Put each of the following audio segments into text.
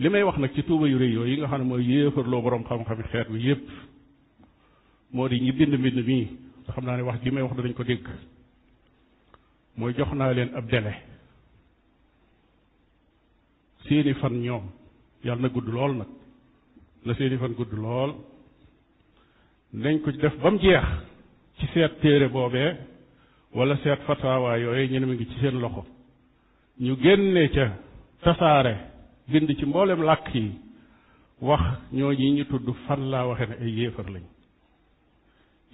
li may wax nag ci tuuba yu rëy yooyu yi nga xam ne mooy yéefarloo boroom xam-xami xeet bi yépp moo di ñi bind mbind mii nga xam naa ne wax ji may wax dañ ko dégg mooy jox naa leen ab délai seeni fan ñoom yàlla na gudd lool nag na seeni fan gudd lool nañ ko def ba mu jeex ci seet téere boobee wala seet fatawaa yooyu ñu ne ngi ci seen loxo ñu génne ca tasaare bind ci mbooleem làkk yi wax ñooñu ñi ñu tudd fan laa waxe na ay yéefar lañ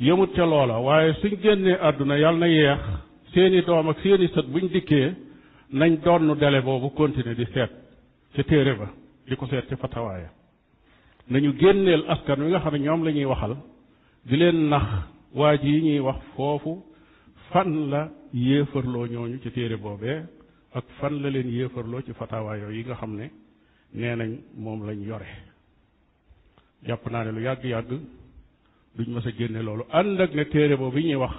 yëmut ca loola waaye suñ génnee àdduna yàlla na yeex seeni doom ak seeni sët buñ dikkee nañ doon nu dele boobu continuer di seet ca téere ba di ko seet ci fatawaaya nañu génneel askan wi nga xam ne ñoom lañuy waxal di leen nax waa yi ñuy wax foofu fan la yéefarloo ñooñu ci téere boobee ak fan la leen yéefarloo ci fatawaaya yi nga xam ne nee nañ moom lañu yore jàpp naa ne lu yàgg-yàgg duñ mës a génne loolu ànd ak ne téere boobu ñuy wax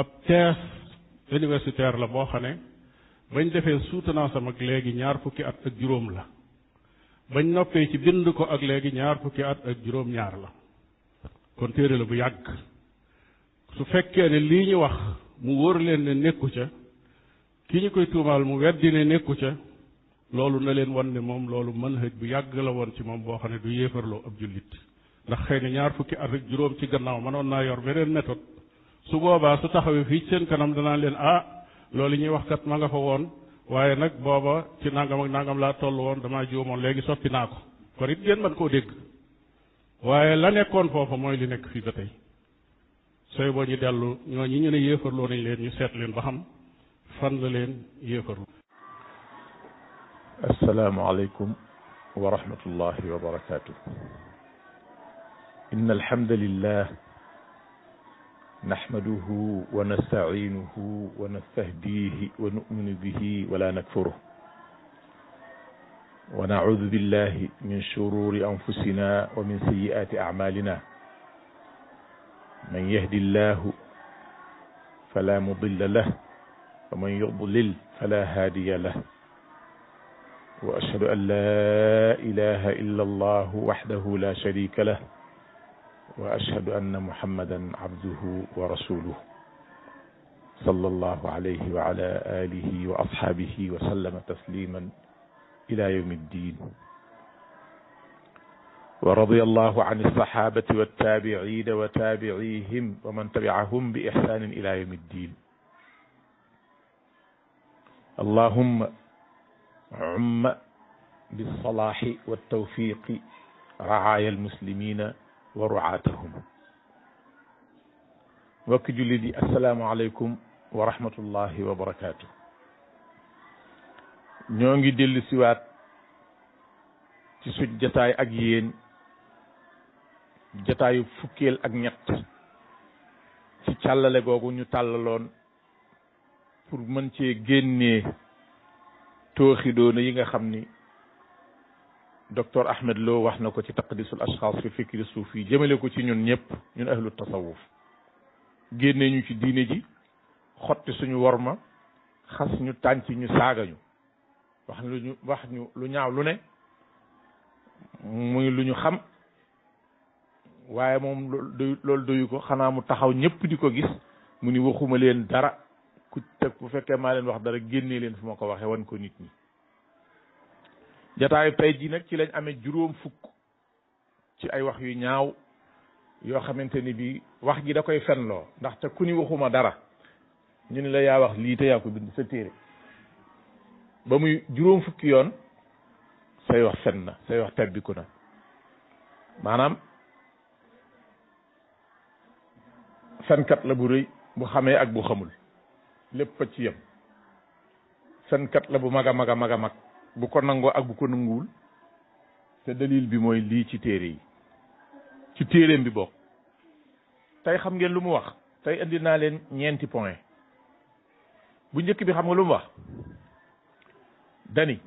ab thèse universitaire la boo xam ne bañ defee soutenance ak léegi ñaar fukki at ak juróom la bañ noppee ci bind ko ak léegi ñaar fukki at ak juróom-ñaar la kon téere la bu yàgg su fekkee ne lii ñu wax mu wóor leen ne nekku ca ki ñu koy tuumaal mu weddi ne nekku ca loolu na leen wan ne moom loolu manhaj bu yàgg la woon ci moom boo xam ne du yéefarloo ab jullit ndax xëy na ñaar fukki at rek juróom ci gannaaw mënoon naa yor beneen méthode su boobaa su taxawee fii ci seen kanam danaa leen ah loolu ñuy wax kat ma nga fa woon waaye nag booba ci nangam ak laa toll woon damaa juumoon léegi soppi naa ko kon it ngeen mën koo dégg waaye la nekkoon foofa mooy li nekk fii ba tey sooy boo ñu dellu ñoo ñi ñu ne yéefarloo leen ñu seet leen ba xam fan la leen yéefarloo السلام عليكم ورحمة الله وبركاته إن الحمد لله نحمده ونستعينه ونستهديه ونؤمن به ولا نكفره ونعوذ بالله من شرور أنفسنا ومن سيئات أعمالنا من يهد الله فلا مضل له ومن يضلل فلا هادي له وأشهد أن لا إله إلا الله وحده لا شريك له وأشهد أن محمدا عبده ورسوله صلى الله عليه وعلى آله وأصحابه وسلم تسليما إلى يوم الدين ورضي الله عن الصحابة والتابعين وتابعيهم ومن تبعهم بإحسان إلى يوم الدين اللهم umma bisalaahi wa tawfiqi raaya almuslimina wa ruaatahum mbokki jullit yi assalaamu aleykum wa rahmatullahi wa barakaatu ñoo ngi dellu siwaat ci suj jataay ak yéen jataayu fukkeel ak ñett ci càllale googu ñu tàllaloon pour mën cee génnee tooxidoona yi nga xam ni docteur Ahmed loo wax na ko ci taqdisul ashxaas fi fikri suufi yi jëmale ko ci ñun ñëpp ñun ahlu tasawuf génnee ñu ci diine ji xotti suñu worma xas ñu tànc ñu saagañu wax wax ñu lu ñaaw lu ne muy lu ñu xam waaye moom loolu doyu ko xanaa mu taxaw ñëpp di ko gis mu ni waxuma leen dara ku teg bu fekkee maa leen wax dara génne leen fu ma ko waxee wan ko nit ñi jataayu tey ji nag ci lañ amee juróom fukk ci ay wax yu ñaaw yoo xamante ni bii wax gi da koy fenloo ndaxte ku ni waxuma dara ñu ne la yaa wax lii te yaa ko bind sa téere ba muy juróom fukki yoon say wax fen na say wax tebbiku na maanaam fenkat la bu rëy bu xamee ak bu xamul lépp a ci yem sànkat la bu mag a mag a mag a mag bu ko nangoo ak bu ko nanguwul te dalil bi mooy lii ci téere yi ci téereem bi bokk tey xam ngeen lu mu wax tey indi naa leen ñeenti point bu njëkk bi xam nga lu mu wax dani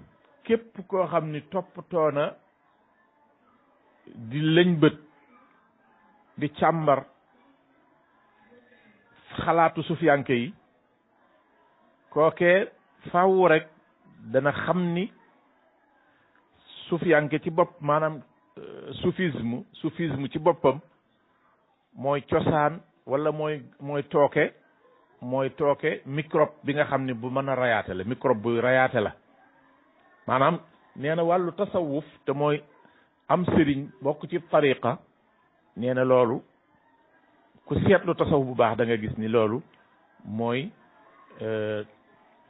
képp koo xam ni toppatoo na di lëñbët di càmbar xalaatu sufiyanke yi kooke faw rek dana xam ni suuf sufiyanke ci bopp maanaam euh, soufisme soufisme ci boppam mooy cosaan wala mooy mooy tooke mooy tooke microbe bi nga xam ne bu mën a rayaate la microbe bu rayaate la maanaam nee na wàllu tasawuf te mooy am sëriñ bokk ci tariqa nee na loolu ku seetlu tasawuf bu baax da gis ni loolu mooy euh,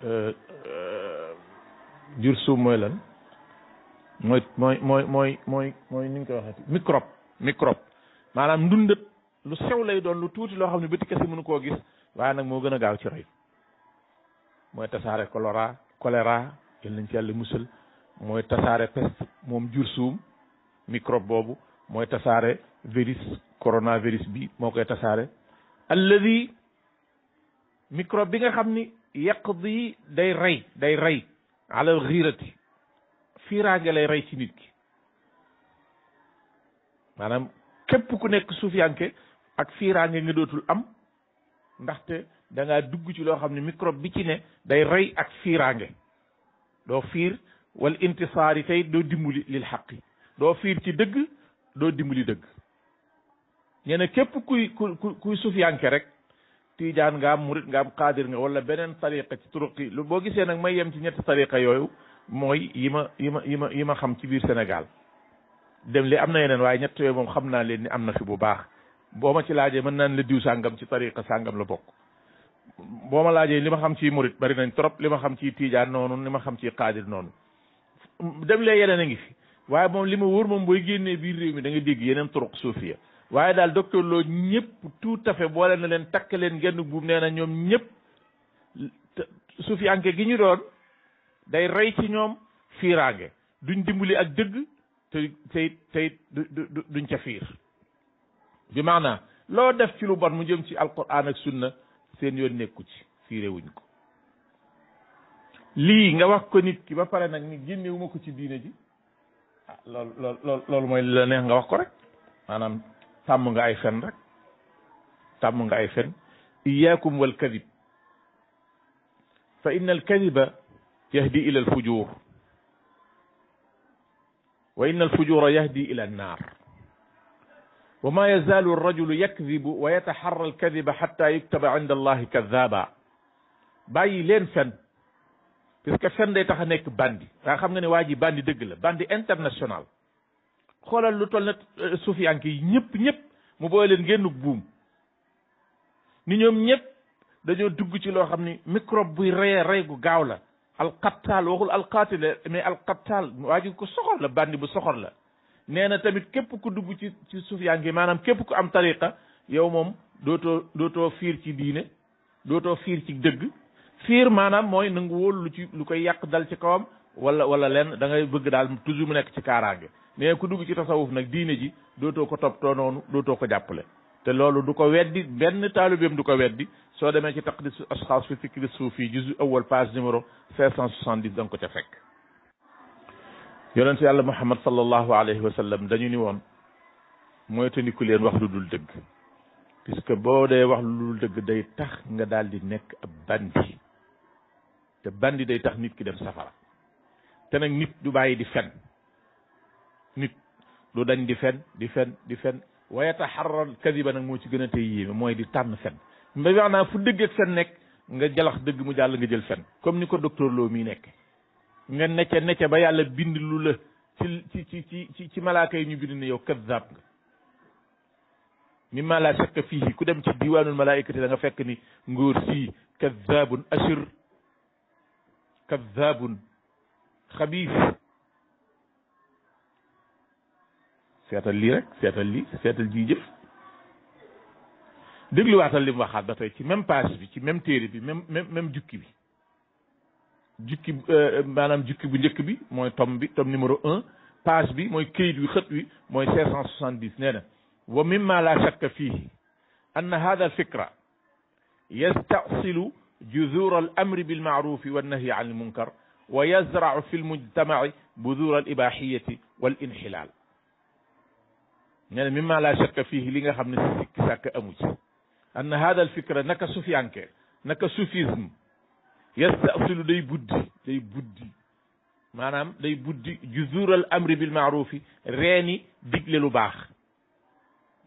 Euh, euh, jur suum mooy lan mooy mooy mooy mooy mooy mooy ni koy waxee microbe microbe maanaam ndundat lu sew lay doon lu tuuti loo xam ne bëti kese mënu koo gis waaye nag moo gën a gaaw ci roy mooy tasaare choléra choléra yal nañ ci mooy tasaare jur suum microbe boobu mooy tasaare virus coronavirus bi moo koy tasaare alladi microbe bi nga xam ni yaqdi day rey day rey alal xiirati fiiraange lay rey ci nit ki maanaam képp ku nekk suufiyanke ak fiiraange nga dootul am ndaxte danga ngaa dugg ci loo xam ne microbe bi ci ne day rey ak fiiraange doo fiir wal intisaari tey doo li lil xaqi doo fiir ci dëgg doo dimbali dëgg nee na képp kuy ku kuy suufiyanke rek tijaan nga am murit nga am qadir nga wala benen tariqa ci turuqi lu bo gisee nak may yem ci ñetti tariqa yoyu moy yi yima yima yima xam ci bir senegal dem li amna yenen yeneen waaye ñett yooyu moom xam leen ni amna fi bu baax boma ci laaje man naan la diw sangam ci tariqa sangam la bok boma ma lima xam ci murit bari nañ trop lima ma xam ci tijaan nonu lima ma xam ci qadir nonu dem le yenen nga fi waye mom lima ma mom boy genee bir rew mi da nga deg yenen turuq suufiya waaye daal docteur Lo ñëpp tout à fait boole na leen takk leen genn buum nee na ñoom ñëpp sufiyanke gi ñu doon day rey ci ñoom fiiraange duñ dimbali ak dëgg te tey tey duñ ca fiir bi maanaa loo def ci lu bon mu jëm ci alquran ak sunna seen yoon nekku ci fiirewuñ ko lii nga wax ko nit ki ba pare nag ni génnewuma ko ci diine ji ah loolu loolu loolu mooy la neex nga wax ko rek tam nga ay fen rek tam nga ay fen iyyakum wal kadhib وما يزال الرجل يكذب ويتحرى الكذب حتى يكتب عند الله كذابا باي لين سن بيسك فن داي تاخ باندي دا خامغني واجي باندي دغ باندي انترناسيونال xoolal lu toll ne euh, sufiyank yi ñëpp ñëpp mu booy leen génn buum ni ñoom ñëpp dañoo dugg ci loo xam ni microbe buy reye rey gu gaaw la alqattaal waxul alqaatile mais alqattaal waa ji ko soxor la bandi bu soxor la nee na tamit képp ku dugg ci ci sufiyank yi maanaam képp ku am tariqa yow moom dooto dootoo fiir ci diine dootoo fiir ci dëgg fiir maanaam mooy nangu wóolu lu ci lu koy yàq dal ci kawam wala wala len da ngay bëgg daal toujours mu nekk ci kaaraange mais ku dugg ci tasawuf nak diine ji doto ko top to noonu doto ko jàppale te loolu du ko weddi benn talibem du ko weddi soo demee ci taqdis asxaas fi fikri soufi juzu awal page numéro 570 da ko ca fekk yonent yàlla muhammad sallallahu alayhi wa sallam dañu ni woon mooy ku leen wax lu dul dëgg puisque boo dee wax lu dul dëgg day tax nga daal di nekk ab bandi te bandi day tax nit ki def safara te nag nit du bàyyi di fen nit du dañ di fen di fen di fen wa yataxarra kadiba nag moo ci gën a tey yéeme mooy di tànn fen ba wax naa fu dëgg ak fen nekk nga jalax dëgg mu jàll nga jël fen comme ni ko docteur Lo mii nekk nga necce necce ba yàlla bind lu la ci ci ci ci ci ci malaaka yi ñu bind ne yow kazab nga mimma la shakka fihi ku dem ci diwaanul malaikati da nga fekk ni ngóor sii kazabun ashir kazabun خبيث سيتال لي رك سيتال لي سيتال جي جيف دغلو واتال لي واخات دا فاي تي ميم باج بي تي ميم تيري بي ميم ميم جوكي بي جوكي مانام جوكي بو نيك بي موي توم بي توم نيميرو 1 باج بي موي كيت وي خط وي موي 570 نينا ومما لا شك فيه ان هذا الفكره يستأصل جذور الامر بالمعروف والنهي عن المنكر ويزرع في المجتمع بذور الإباحية والانحلال يعني مما لا شك فيه لنا خمنا سكساك أموت أن هذا الفكرة نك سوفيانك نك سوفيزم يستأصل دي بودي دي بودي مانام دي بودي جذور الأمر بالمعروف ريني دقل لباخ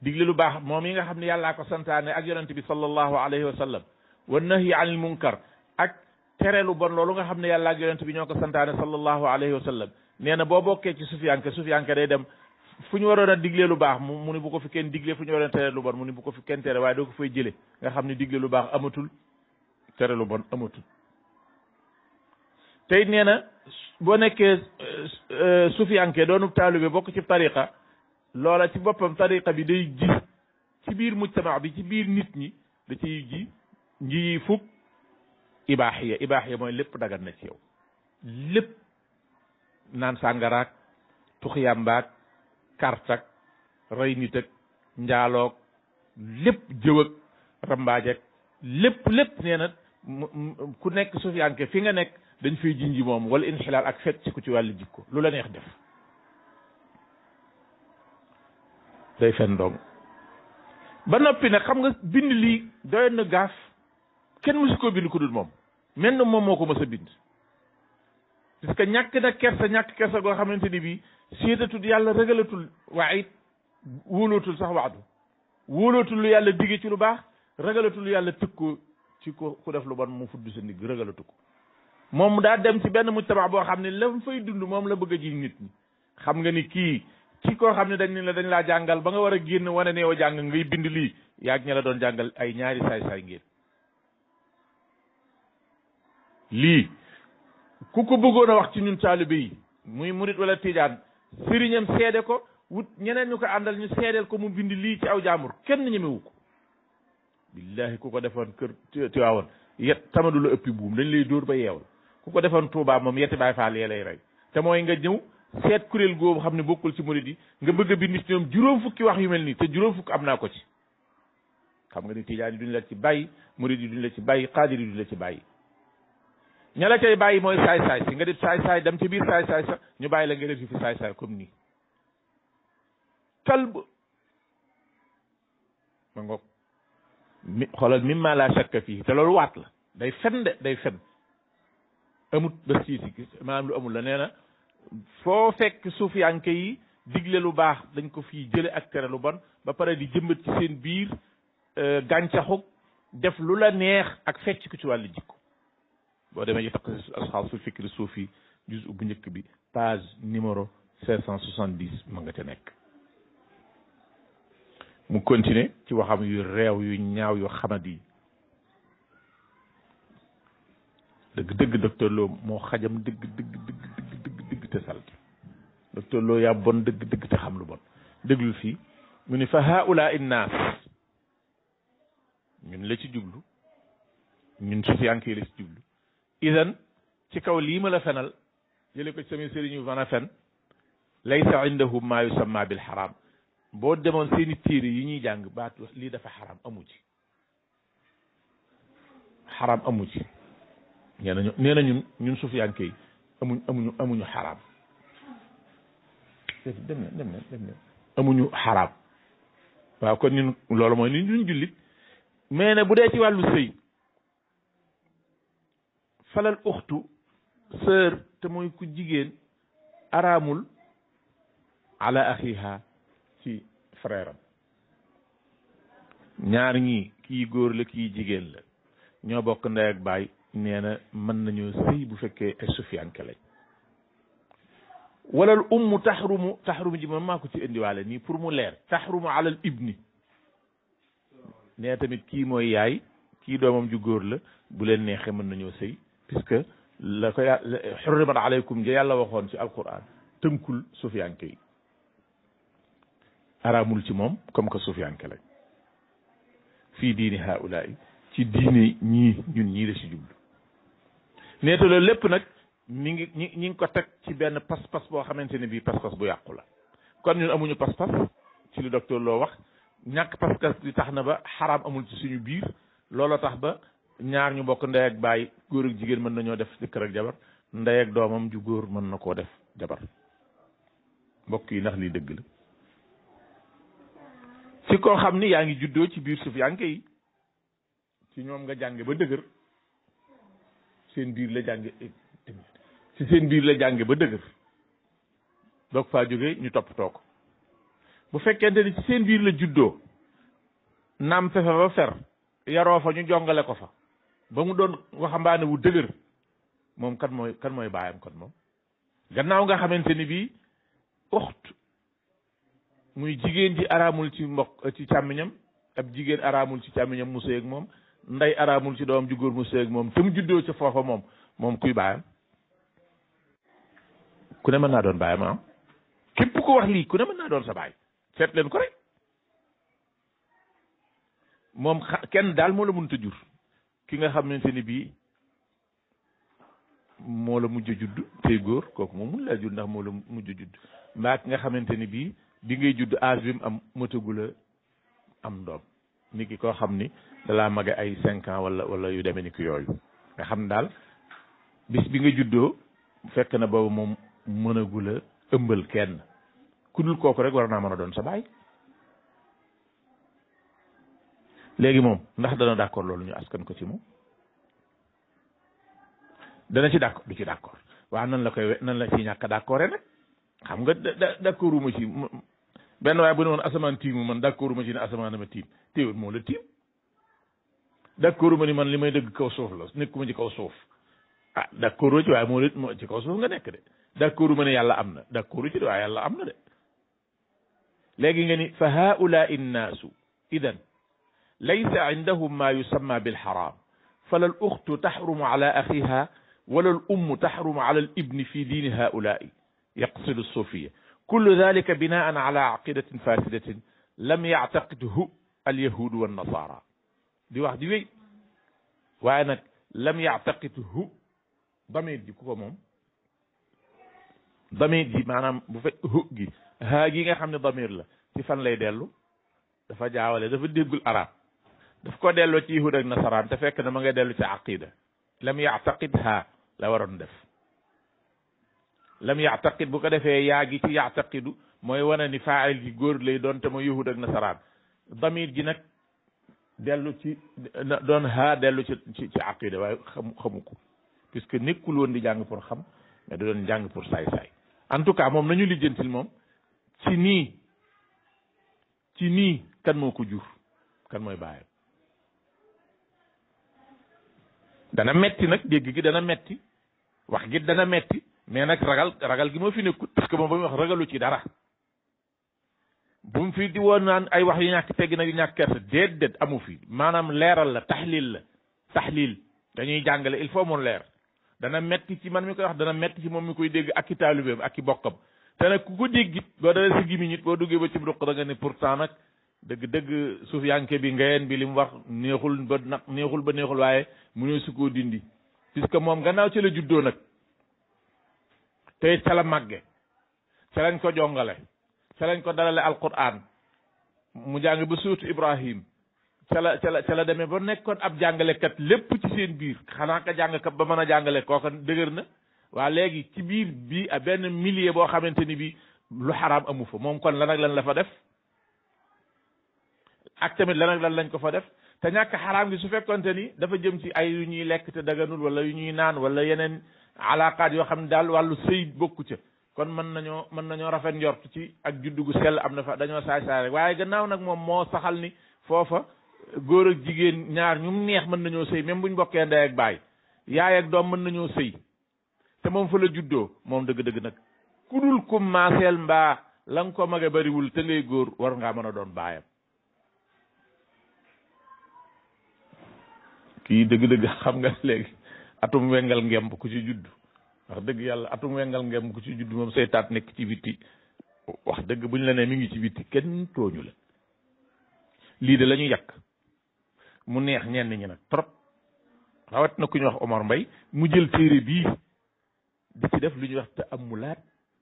دقل لباخ مومي خمنا يالله كسانتاني أجرنت بي صلى الله عليه وسلم والنهي عن المنكر tere lu bon loolu nga xam ne yàlla ak yonent bi ñoo ko santaane sallallahu alayhi wa sallam na boo bokkee ci sufiyanke sufiyanke day dem fu ñu waroon a diglee lu baax mu ni bu ko fi kenn diglee fu ñu waroon a tere lu bon mu ni bu ko fi kenn tere waaye doo ko fay jëlee nga xam ne digle lu baax amatul tere lu bon amatul tey nee na boo nekkee euh, euh, sufiyanke doonu taalibe bokk ci tariqa loola ci boppam tariqa bi day ji ci biir mujtama bi ci biir nit ñi da ciy ibaaxiya ibaaxiya mooy lépp dagan na ci yow lépp naan sàngaraak tuxiyambaak kartak rey nit ak njaaloog lépp jëw ak lépp lépp nee na ku nekk sufiyanke fi nga nekk dañ fay jinji moom wala inxilaal ak fekk ci ku ci wàllu jikko lu la neex def day fen dong ba noppi nag xam nga bind lii doyoon na gaaf kenn mësu koo bind ku dul moom mel na moom moo ko mës a bind parce que ñàkk na kersa ñàkk kersa goo xamante ni bii séetatul yàlla ragalatul waa it wóolootul sax waadu wóolootul lu yàlla digge ci lu baax ragalatul yàlla yàlla tëkkoo ci ko ku def lu bon mu fudd sa ndigg ragalatu ko moom daa dem ci benn mujtama boo xam ne la mu fay dund moom la bëgg a ji nit ñi xam nga ni kii kii koo xam ne dañ ne la dañ laa jàngal ba nga war a génn wane ne yow jàng ngay bind lii yaag ña la doon jàngal ay ñaari saay lii ku ko bëggoon a wax ci ñun taalibe yi muy murit wala tijaan sëriñam seede ko wut ñeneen ñu ko àndal ñu seedeel ko mu bind lii ci aw jaamur kenn ñemewu ko billahi ku ko defoon kër Tiwaawan yet tamadu la ëppi buum dañ lay dóor ba yeewal ku ko defoon Tuubaa moom yetti Baay Faal yee lay rey te mooy nga ñëw seet kuréel goobu xam ne bokkul ci murit yi nga bëgg a bind ci ñoom juróom fukki wax yu mel nii te juróom fukk am naa ko ci xam nga ni tijaan yi duñ la ci bàyyi murit yi duñ la ci bàyyi xaadir la ci bàyyi ña la cay bàyyi mooy saay-saay si nga def saay-saay dem ci biir saay-saay sa ñu bàyyi la nga def fi saay-saay comme nii kalb ma ngoog mi xoolal mimma la shakka fii te loolu waat la day fen de day fen amut ba siisi gis maanaam lu amul la nee na foo fekk suufiyanke yi digle lu baax dañ ko fii jële ak tere lu bon ba pare di jëmbat ci seen biir euh, gàncaxu def lu la neex ak fecc ku ci wàllu jikko boo demee ci taqsis asxaasul fikri fii juz bu njëkk bi page numéro cinq cent soixante dix ma nga ca nekk mu continuer ci waxam yu réew yu ñaaw yu xamat dëgg dëgg docteur Lo moo xajam dëgg dëgg dëgg dëgg dëgg te sal docteur dëgg dëgg fii mu ni fa haula innaas ñun la ci jublu ñun sufiyanke la ci jublu idan ci kaw lii ma la fenal jële ko ci samay sëriñ yu mën a fen laysa indahum maa yusamma bil xaraam boo demoon seeni téere yi ñuy jàng baat lii dafa xaraam amu ci xaraam amu ci nee nañu nee na ñun ñun sufiyaan kay amuñ amuñu amuñu xaraam dem na dem na dem na amuñu xaraam waaw kon ñun loolu mooy li ñun jullit mais ne bu dee ci wàllu sëy falal uxtu sœur te mooy ku jigéen araamul ala axiha ci frère ñaar ñi kii góor la kii jigéen la ñoo bokk ndey ak baay nee na mën nañoo sëy bu fekkee ay sufiyanke lañ walal ummu taxrumu taxrumu ji moom maa ko ci indiwaale nii pour mu leer taxrumu alal ibni nee tamit kii mooy yaay kii doomam ju góor la bu leen neexee mën nañoo sëy puisque la ko yàlla xurrimat aleykum ja yàlla waxoon ci alquran tënkul sufiyanke yi araamul ci moom comme que sufiyanke lañ fii diini haulaay ci diine ñii ñun ñii la si jublu neeta loolu lépp nag ñi ngi ñi ñi ngi ko teg ci benn pas-pas boo xamante ne bii pas-pas bu yàqu la kon ñun amuñu pas-pas ci li docteur loo wax ñàkk pas-pas di tax na ba xaraam amul ci suñu biir looloo tax ba ñaar ñu mbokk ndey ak baay góor ak jigéen mën nañoo def jëkkër ak jabar ndey doomam ju góor mën na koo def jabar mbokk yi ndax lii dëgg la ci xam ni yaa ngi juddoo ci biir suuf yaa ngi ci ñoom nga jànge ba dëgër seen biir la jànge eh, ci seen ba dëgër doog faa jóge ñu toppatoo ko bu fekkente ni ci seen biir la juddoo naam fefe ba fer yaroo fa ñu jongale ko fa ba mu doon waxambaane wu dëgër moom kan mooy kan mooy baayam kon moom gannaaw nga xamante ni bii uxt muy jigéen ji araamul ci mbokk ci càmmiñam ab jigéen araamul ci càmmiñam mu sëy moom ndey araamul ci doom ju góor mu sëy moom te mu juddoo ca foofa moom moom kuy baayam ku ne mën naa doon baayam ah képp ko wax lii ku ne mën naa doon sa baay seet leen ko rek moom kenn daal moo la mënut a jur ki nga xamante ni bii moo la mujj judd tey góor kooku moom mun laa judd ndax moo la mujj judd mbaa ki nga xamante ni bii bi ngay judd âge bi mu am motagul a am doom nit ki koo xam ni dalaa mag ay cinq ans wala wala yu demee ni yooyu nga xam daal bis bi nga juddoo fekk na boobu moom mënagul a ëmbal kenn ku dul kooku rek war naa mën a doon sa baay léegi moom ndax dana d'accord loolu ñu askan ko ci moom dana ci d'accord du ci d'accord waa nan la koy nan la ci ñàkk d'accord nag xam nga da d'accordu ma ci benn waaye bu ne woon asamaan tiimu man d'accordu ma ci ne asamaan ma tiim téewul moo la tiim d'accordu ma ni man li may dëgg kaw suuf la nekkuma ci kaw suuf ah d'accordu ci waaye moo la moo ci kaw suuf nga nekk de d'accordu ma ne yàlla am na d'accordu ci de waaye yàlla am na de léegi nga ni fa haula ليس عندهم ما يسمى بالحرام فلا الأخت تحرم على أخيها ولا الأم تحرم على الابن في دين هؤلاء يقصد الصوفية كل ذلك بناء على عقيدة فاسدة لم يعتقده اليهود والنصارى دي واحد وي وأنا لم يعتقده ضمير دي ji ku ko moom damiir ji maanaam bu fekk hu gi haa gi nga xam ne damiir la daf ko dellu ci yahud ak nasaraan te fekk na ma ngay dellu ci aqida lam yactaqidha la waroon def lam yactaqid bu ko defee yaa gi ci yactaqidu mooy wane ni faayil gi góor lay doon te mooy yahud ak nasaraan damir ji nag dellu ci doon ha dellu ci ci ci aqida waaye xam xamu ko puisque woon di jàng pour xam mais da doon jàng pour saay-saay en tout cas moom nañu lijjantil moom ci nii ci nii kan moo ko jur kan mooy bàyyam dana metti nag dégg gi dana metti wax gi dana metti mais nag ragal ragal gi moo fi nekkut parce que moom ba muy wax ragalu ci dara bu mu fi di woon naan ay wax yu ñàkk teggi na yu ñàkk kersa déedéet amu fi maanaam leeral la taxlil la taxlil dañuy jàngale il faut mu leer dana metti ci man mi koy wax dana metti ci moom mi koy dégg ak i taalibeem ak i bokkam te nag ku ko dégg it boo dara si gimiñ it boo duggee ba ci ruq da nga ne pourtant nag dëgg-dëgg suufiyanke bi ngayeen bi li mu wax neexul ba neexul ba neexul waaye mu ne su koo dindi puisque moom gannaaw ci la juddoo nag te it màgge ca lañ ko jongale ca ko dalale alquran mu jàng ba suutu ibrahim ca la ca la ca la demee ba nekkoon ab jàngalekat lépp ci seen biir xanaa ka jàngkat ba mën a jàngale koo kooka dëgër na waa léegi ci biir bi a benn millier boo xamante ni bi lu xaraam amu fa moom kon lan ak lan la fa def ak tamit lan ak lan lañ ko fa def te ñàkk xaraam gi su fekkonte ni dafa jëm ci ay yu ñuy lekk te daganul wala yu ñuy naan wala yeneen alaqaat yoo xam ne daal wàllu bokku ca kon mën nañoo mën nañoo rafet njort ci ak juddu gu sell am na fa dañoo saay saay rek waaye gannaaw nag moom moo saxal ni foofa góor ak jigéen ñaar ñu neex mën nañoo sëy même buñ bokkee nday ak baay yaay ak doom mën nañoo sëy te moom fa la juddoo moom dëgg-dëgg nag ku kum maaseel mbaa la nga ko mage bariwul te ngay góor war ngaa mën doon kii dëgg-dëgg xam nga léegi atum wengal ngemb ku ci judd wax dëgg yàlla atum wengal ngemb ku ci judd moom say taat nekk ci bitti wax dëgg buñ la ne mi ngi ci bitti kenn tooñu la lii de la ñu yàq mu neex ñenn ñi nag trop rawat na ku ñu wax Omar Mbay mu jël téere bii di ci def lu ñuy wax te amulaat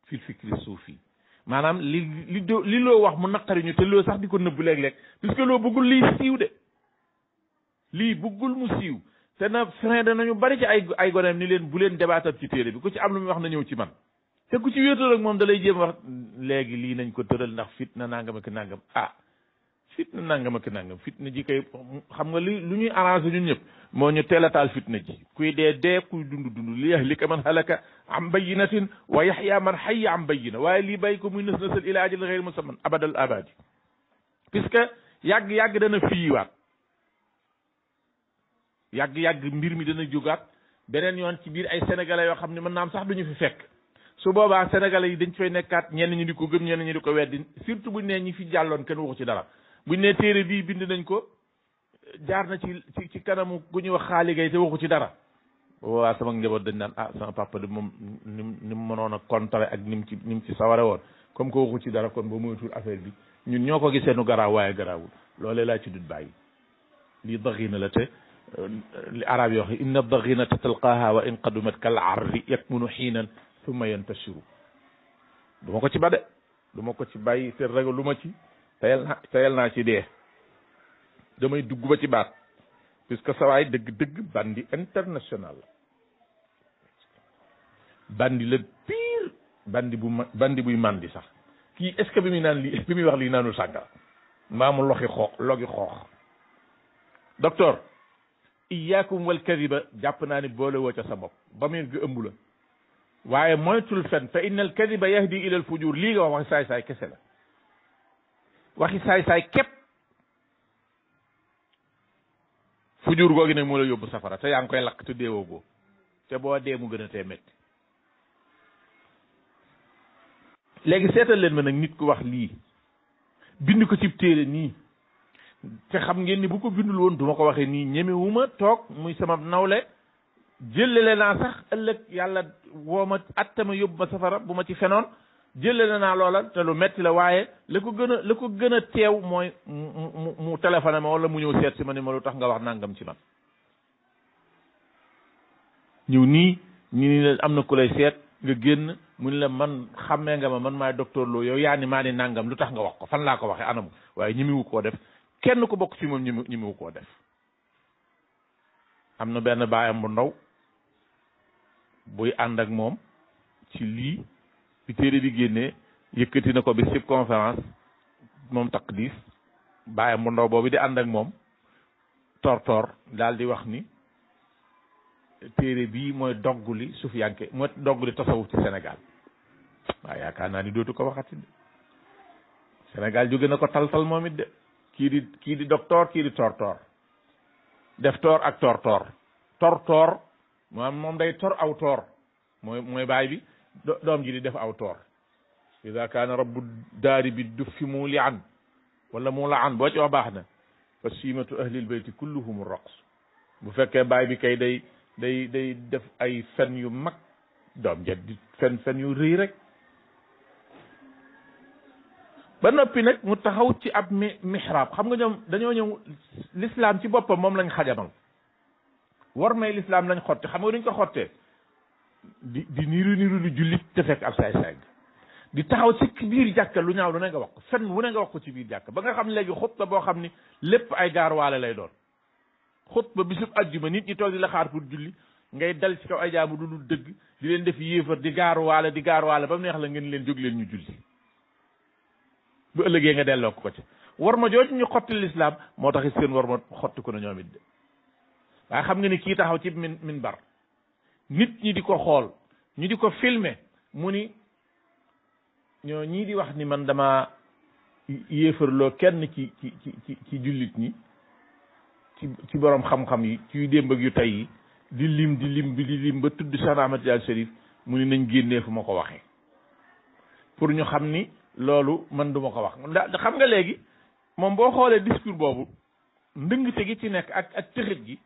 fil fikri suufi maanaam li li do li loo wax mu naqari ñu te loo sax di ko nëbb léeg-léeg puisque loo bëggul liy siiw de lii buggul mu siiw te na freiné nañu bari ci ay ay goneem ni leen bu leen debaatal ci téere bi ku ci am lu muy wax na ñëw ci man te ku ci wéetal ak moom da lay jéem wax léegi lii nañ ko tëral ndax fitna nangam ak nangam ah fitna nangam ak nangam fitna ji kay xam nga li lu ñuy arrangé ñun ñëpp moo ñu teel a taal fitna ji kuy dee dee kuy dund dund li yahlika man halaka am bayinatin wa yaxya man xayya am bayina waaye lii bay ko muy nës nasal ila ajal xeyr musamman abadal abadi puisque yàgg-yàgg dana fiiwaat yàgg-yàgg mbir mi dana jógaat beneen yoon ci biir ay sénégalais yoo xam ne mën naa am sax duñu fi fekk su boobaa sénégalais yi dañ fee nekkaat ñenn ñu di ko gëm ñenn ñu di ko weddi surtout buñ nee ñi fi jàlloon kenn waxu ci dara buñ nee bii bind nañ ko jaar na ci ci ci kanamu ku ñuy wax xaali gay te ci dara waa sama njaboot dañ naan ah sama papa de moom ni mu ni mu mënoon a contrer ak ni mu ci ni mu ci saware woon comme que waxu ci dara kon ba moytuwul affaire bi ñu ñoo ko gisee nu garaaw waaye garaawul loolee laa ci dut bàyyi lii baxi li arab yoo xam inna daginata talqaaha wa in qadumat kal arri yakmunu xiinan summa yantashiru du ma ko ci ba de du ma ko ci bàyyi te ragal lu ma ci tayal naa tayal naa ci dee damay dugg ba ci baat puisque sawaay dëgg-dëgg bandi international la bandi la pire bandi bu ma bandi mandi sax kii est-ce que bi muy naan lii bi muy wax lii naanul sàngara maamu loxi xoox logi iyaakum wal kadiba jàpp naa ni boole woo ca sa bopp ba muy gi ëmb la waaye moytul fen fa inna kadiba yahdi ila al fujur lii nga wax waxi saay saay kese la waxi saay saay képp fujur googi nag moo la yóbbu safara te yaa ngi koy lakk te deewoogoo te boo dee mu gën a tee métti léegi seetal leen ma nag nit ku wax lii bind ko cib téere nii te xam ngeen ni bu ko bindul woon du ma ko waxee nii ñemewuma toog muy sama nawle jëlale naa sax ëllëg yàlla woo ma attama yóbbu ma safara bu ma ci fenoon jëlale naa loola te lu metti la waaye la ko gën a la ko gën a teew mooy mu mu téléphoné ma wala mu ñëw seet si ma ni ma lu tax nga wax nangam ci man ñëw nii ñu la am na ku lay seet nga génn mu ni la man xàmmee nga ma man maay docteur Lo yow yaa ni maa ni nangam lu tax nga wax ko fan laa ko waxee anam waaye ñi def kenn ku bokk ci moom ñi mu ñi mu koo def am na benn baayam bu ndaw buy ànd ak moom ci lii bi téere bi génne yëkkati na ko bi sib conférence moom takk diis baayam bu ndaw boobu di ànd ak moom tortor daal di wax ni téere bii mooy dogguli sufiyanke mooy dogguli tasawuf ci Sénégal waaw yaakaar naa ni dootu ko waxati Sénégal jóge na ko taltal moom it de kii di kii di docteur kii di tortor def toor ak tortor tortor maanaam moom day tor aw toor mooy mooy baay bi doom ji di def aw toor ida kaana rabbu daari bi duffi muuli an wala muula an boo ci wax baax na fa siimatu ahlil bayti kulluhum raqs bu fekkee baay bi kay day day day def ay fen yu mag doom ja di fen fen yu rëy rek ba noppi nag mu taxaw ci ab mi mihrab xam nga ñoom dañoo ñëw lislaam ci boppam moom lañ xajamal war may lislaam lañ xotti xam nga duñ ko xottee di di niru niru lu jullit te fekk ab saay saay di taxaw ci biir jàkka lu ñaaw lu ne nga wax ko fenn wu ne nga wax ko ci biir jàkka ba nga xam léegi xutba boo xam ni lépp ay waale lay doon xutba bisub àjjuma nit ñi toog di la xaar pour julli ngay dal ci kaw ay jaamu du dul dëgg di leen def yéefar di gaarwaale di gaarwaale ba mu neex la ngeen leen jóg leen ñu julli bu ëllëgee nga delloo ko ci war ma jooju ñu xotti lislaam moo tax seen war ma xotti ko na ñoom it de waaye xam nga ni kii taxaw ci min min bar nit ñi di ko xool ñu di ko filme mu ni ñoo ñii di wax ni man dama yéefarloo kenn ci ci ci ci ci ci boroom xam-xam yi ci yu démb yu tey yi di lim di lim bi di lim ba tudd Cheikh Ahmad Tidiane Chérif mu ni nañ génnee fu ma ko waxee pour ñu xam ni loolu man duma ko wax da xam nga léegi moom boo xoolee discours boobu ndëngte gi ci nekk ak ak tëxit gi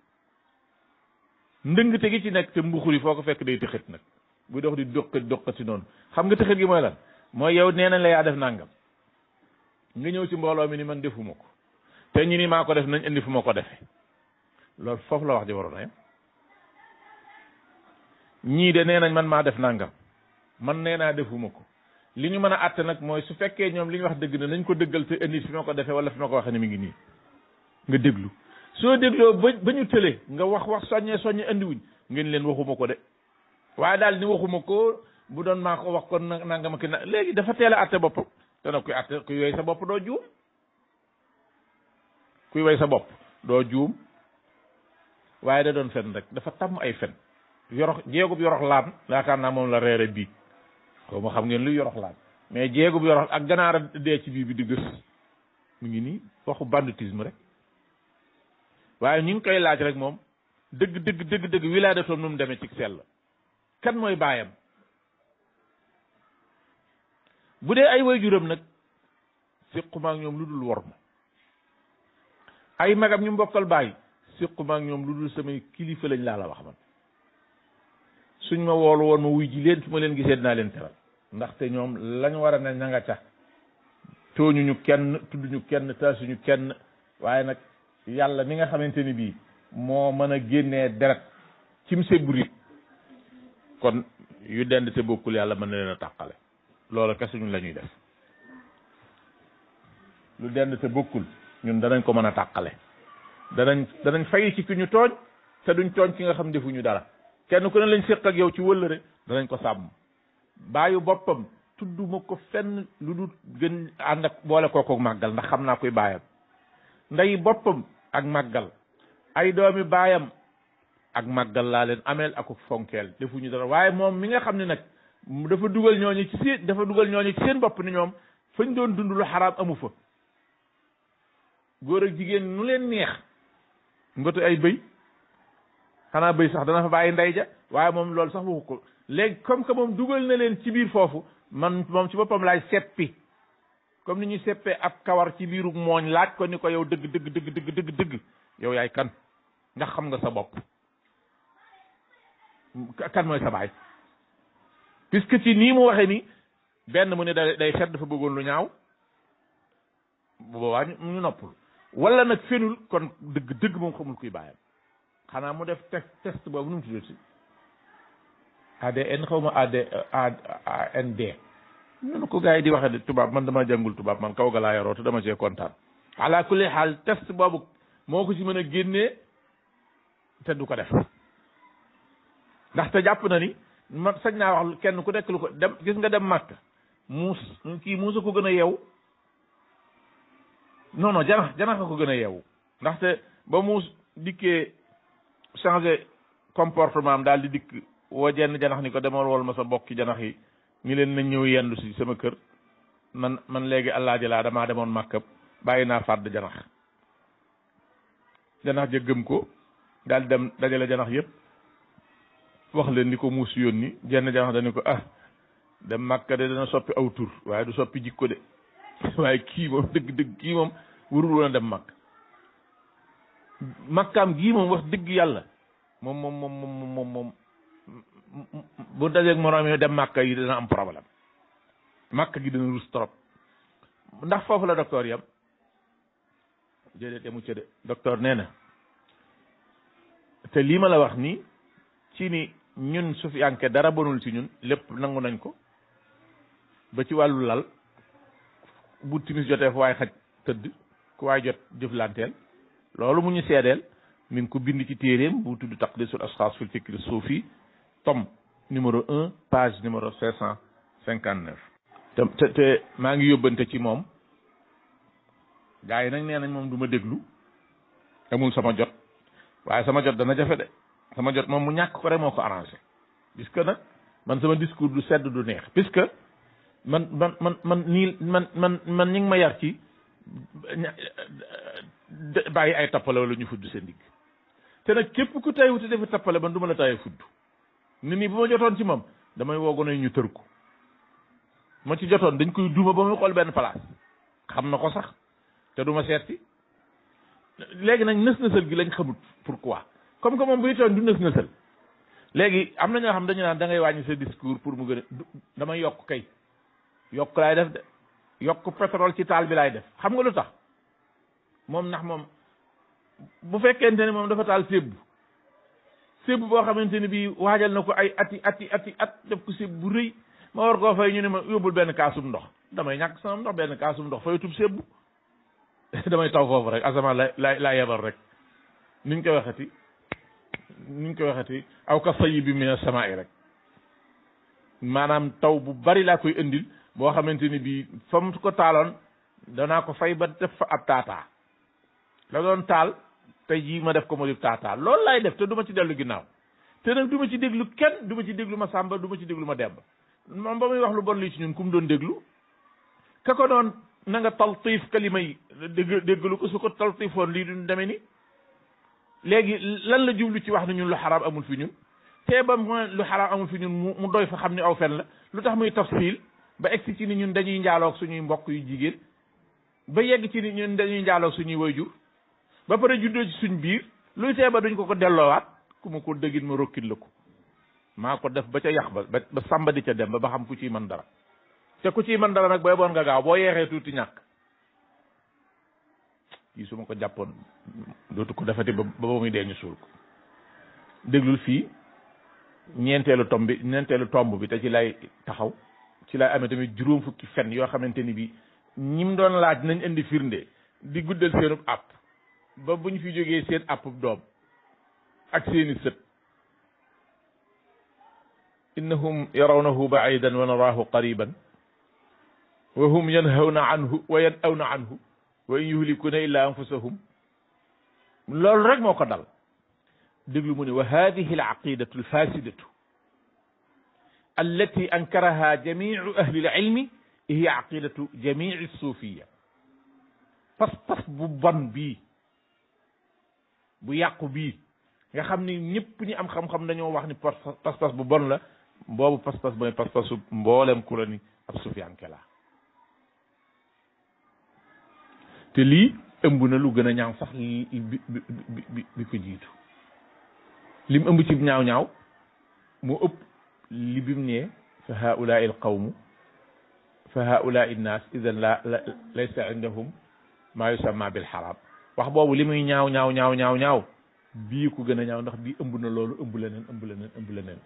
ndëngte gi ci nekk te mbuxur yi foo ko fekk day tëxit nag bu dox di doqati ci noonu xam nga tëxit gi mooy lan mooy yow nee nañ la yaa def nangam nga ñëw ci mbooloo mi ni man defuma ko te ñu ni maa ko def nañ indi fu ma ko defee loolu foofu la wax di waroon a yem ñii de nee nañ man maa def nangam man nee naa defuma ko li ñu mën a àtte nag mooy su fekkee ñoom li ñu wax dëgg na nañ ko dëggal te indi fi ma ko defee wala fi ma ko waxee ne mi ngi nii nga déglu soo dégloo ba ba ñu tëlee nga wax wax soññee soññee indiwuñ ngeen leen waxuma ko de waaye daal ni waxuma ko bu doon maa ko wax kon nangama ki na léegi dafa teel a àtte boppam te nag kuy àtte kuy wey sa bopp doo juum kuy wey sa bopp doo juum waaye da doon fen rek dafa tam ay fen yorox jéegub yorox laan yaakaar naa moom la reere bii xaw ma xam ngeen luy yoroxlaan mais jéegu bu yorox ak ganaar a dee ci biir bi di gës mu ngi nii waxu banditisme rek waaye ñu ngi koy laaj rek moom dëgg dëgg dëgg dëgg wilaayatoom nu mu demee ci sell kan mooy baayam bu dee ay waajuram nag séquma ak ñoom lu dul wor ma ay magam ñu mbokkal bàyyi séquma ak ñoom lu dul samay kilifa lañ laa la wax man suñ ma wool woon ma wuy ji leen su ma leen gisee dinaa leen teral ndaxte ñoom lañu war a ne ña nga ca tooñuñu kenn tudduñu kenn taasuñu kenn waaye nag yàlla mi nga xamante ni bii moo mën a génnee deret cim yi kon yu dend te bokkul yàlla mën na leen a tàqale loolu kese ñun def lu dend te bokkul ñun danañ ko mën a tàqale danañ danañ fay ci ki ñu tooñ te duñ tooñ ki nga xam ñu dara kenn ku ne lañ séq ak yow ci wëllëre danañ ko sàmm bàyyu boppam tudduma ko fenn lu dul gën ànd ak boole kooku màggal ndax xam naa koy baayam ndeyi boppam ak màggal ay doomi baayam ak màggal laa leen ameel ak fonkeel ñu dara waaye moom mi nga xam ni nag dafa dugal ñooñu ci seen dafa dugal ñooñu ci seen bopp ni ñoom fañ doon dund lu xaraam amu fa góor ak jigéen nu leen neex ngatu ay bëy xanaa bëy sax dana fa bàyyi ndey ja waaye moom loolu sax waxu ko léegi comme que moom dugal na leen ci biir foofu man moom ci boppam laay seppi comme ni ñuy seppee ab kawar ci biiru mooñ laaj ko ni ko yaw dëgg dëgg dëgg dëgg dëgg dëgg yow yaay kan ndax xam nga sa bopp kan mooy sa baay puisque ci nii mu waxee ni benn mu ne day day xet dafa bëggoon lu ñaaw bu boobaa ñu noppul wala nag fenul kon dëgg dëgg moom xamul kuy baayam xanaa mu def test test boobu nu mu tuddee si ADN xaw ma AD ko gars yi di waxee de tubaab man dama jàngul tubaab man ka ga laa yoroo te dama see kontaan ala kulli xaal test boobu moo ko ci mën a génnee te du ko def ndaxte jàpp na ni ma sañ naa wax kenn ku nekk lu ko dem gis nga dem màkk muus kii muusa ko gën a yeewu non non janax janax ko gën a yeewu ndaxte ba muus dikkee changé comportement am daal di dikk wo jenn janax ni ko demal wol ma sa bokki janax yi ni leen nañ ñëw yendu si sama kër man man léegi allaaji laa damaa demoon màkk bàyyi naa fàdd janax janax ja ko daal dem dem dajale janax yépp wax leen di ko muus ni jenn janax dañu ko ah dem màkk de dana soppi aw tur waaye du soppi jikko de waaye kii moom dëgg dëgg kii moom warul woon dem màkk makkaam gii moom wax dëgg yàlla moom moom moom moom moom moom bu dajeeg moroom dem màkka yi dana am problème màkk gi dana rus trop ndax foofu la docteur yam de mu cëde docteur nee na te lii ma la wax nii ci ni ñun sufiyanke dara bonul ci ñun lépp nangu nañ ko ba ci wàllu lal bu timis jotee fu waay xaj tëdd ku waay jot jëflanteel loolu mu ñu seedeel mi ngi ko bind ci téeréem bu tudd taqdisul asxaas fil fikri suufi tom numéro 1 page numéro cinq cent cinquante neuf te te maa ngi yóbbante ci moom gaa yi nag nee nañ moom du ma déglu amul sama jot waaye sama jot dana jafe de sama jot moom mu ñàkk ko rek moo ko arrangé puisque nag man sama discours du sedd du neex puisque man man man man ni man man man ñi ngi ma yar ci bàyyi ay tappale wala ñu fudd sa ndigg te nag képp ku tay wuti defi tappale man du ma la taayee fudd nit ñi bu ma jotoon ci moom damay woo gone ñu tër ko ma ci jotoon dañ koy duuma ba muy xool benn place xam na ko sax te du ma seet léegi nañ nës nësal gi lañ xamut pourquoi comme que moom buy toon du nës nësal léegi am na ñoo xam dañu naan da ngay wàññi sa discours pour mu gën a damay yokk kay yokk laay def yokk pétrole ci taal bi laay def xam nga lu tax moom ndax moom bu fekkente ne moom dafa taal sébb sébb boo xamante ne bii waajal na ko ay ati ati ati at def ko sébb bu rëy ma war koo fay ñu ne ma yóbbul benn kaasum ndox damay ñàkk sama ndox benn kaasum ndox fayutub sébb damay taw foofu rek asamaan la la laa yebal rek niñ koy waxati niñ koy waxati aw ka sayi bi mina samaa'i rek maanaam taw bu bari laa koy indil boo xamante ni bii fam ko taaloon danaa ko fay ba def fa ab taataa la doon taal tey jii ma def ko ma dib taataa loolu lay def te du ma ci dellu ginnaaw te nag du ma ci déglu kenn du ma ci déglu ma sàmba du ma ci déglu ma demb moom ba muy wax lu bon lii ci ñun kum mu doon déglu ka ko doon na nga taltif kalima yi dégg dégglu ko su ko taltiifoon lii duñ demee ni léegi lan la jublu ci wax ne ñun lu xaraam amul fi ñun te ba mu lu xaraam amul fi ñun mu doy fa xam ne aw fen la lu tax muy tafsil ba egsi ci ni ñun dañuy njaaloog suñuy mbokk yu jigéen ba yegg ci ni ñun dañuy njaaloog suñuy way wayjur ba pare juddoo ci suñ biir luy tee ba duñ ko ko delloowaat ku ma ko dëggit ma rokkit la ko maa ko def ba ca yax ba ba sàmba di ca dem ba ba xam ku ci man dara te ku ci man dara nag booy boon nga gaaw boo yeexee tuuti ñàkk kii su ma ko jàppoon dootu ko defati ba ba muy dee ñu suul ko déglul fii ñeenteelu tomb bi ñeenteelu tomb bi te ci lay taxaw ci la amé tamit juróom fukki fenn yo xamanteni bi ñim doon laaj nañ indi firnde di guddal seenu àpp ba buñ fi joggé seen app doom ak seeni seut innahum yarawnahu baidan wa narahu qariban wa hum yanhawna anhu wa yanawna anhu wa yuhlikuna illa anfusahum loolu rek moko dal déglu mu ne wa hadihi al aqidatu alfasidatu allati ankaraha jamiu ahlil ilmi hiya aqidatu jamii suufiya pas-pas bu bon bii bu yàqu bii nga xam ni ñëpp ñi am xam-xam dañoo wax ni pas-pas bu bon la boobu pas-pas mooy pas-pasu mboolem ku la ni ab suufiyanke la te lii ëmb na lu gën a ñaaw sax bi bi bi ko jiitu lim ëmb ci ñaaw-ñaaw moo ëpp اللي بيبنيه فهؤلاء القوم فهؤلاء الناس إذا لا, لا ليس عندهم ما يسمى بالحرام wax boobu li muy ñaaw ñaaw ñaaw ñaaw ñaaw bii ko gën a ñaaw ndax bii ëmb na loolu ëmb leneen ëmb leneen ëmb leneen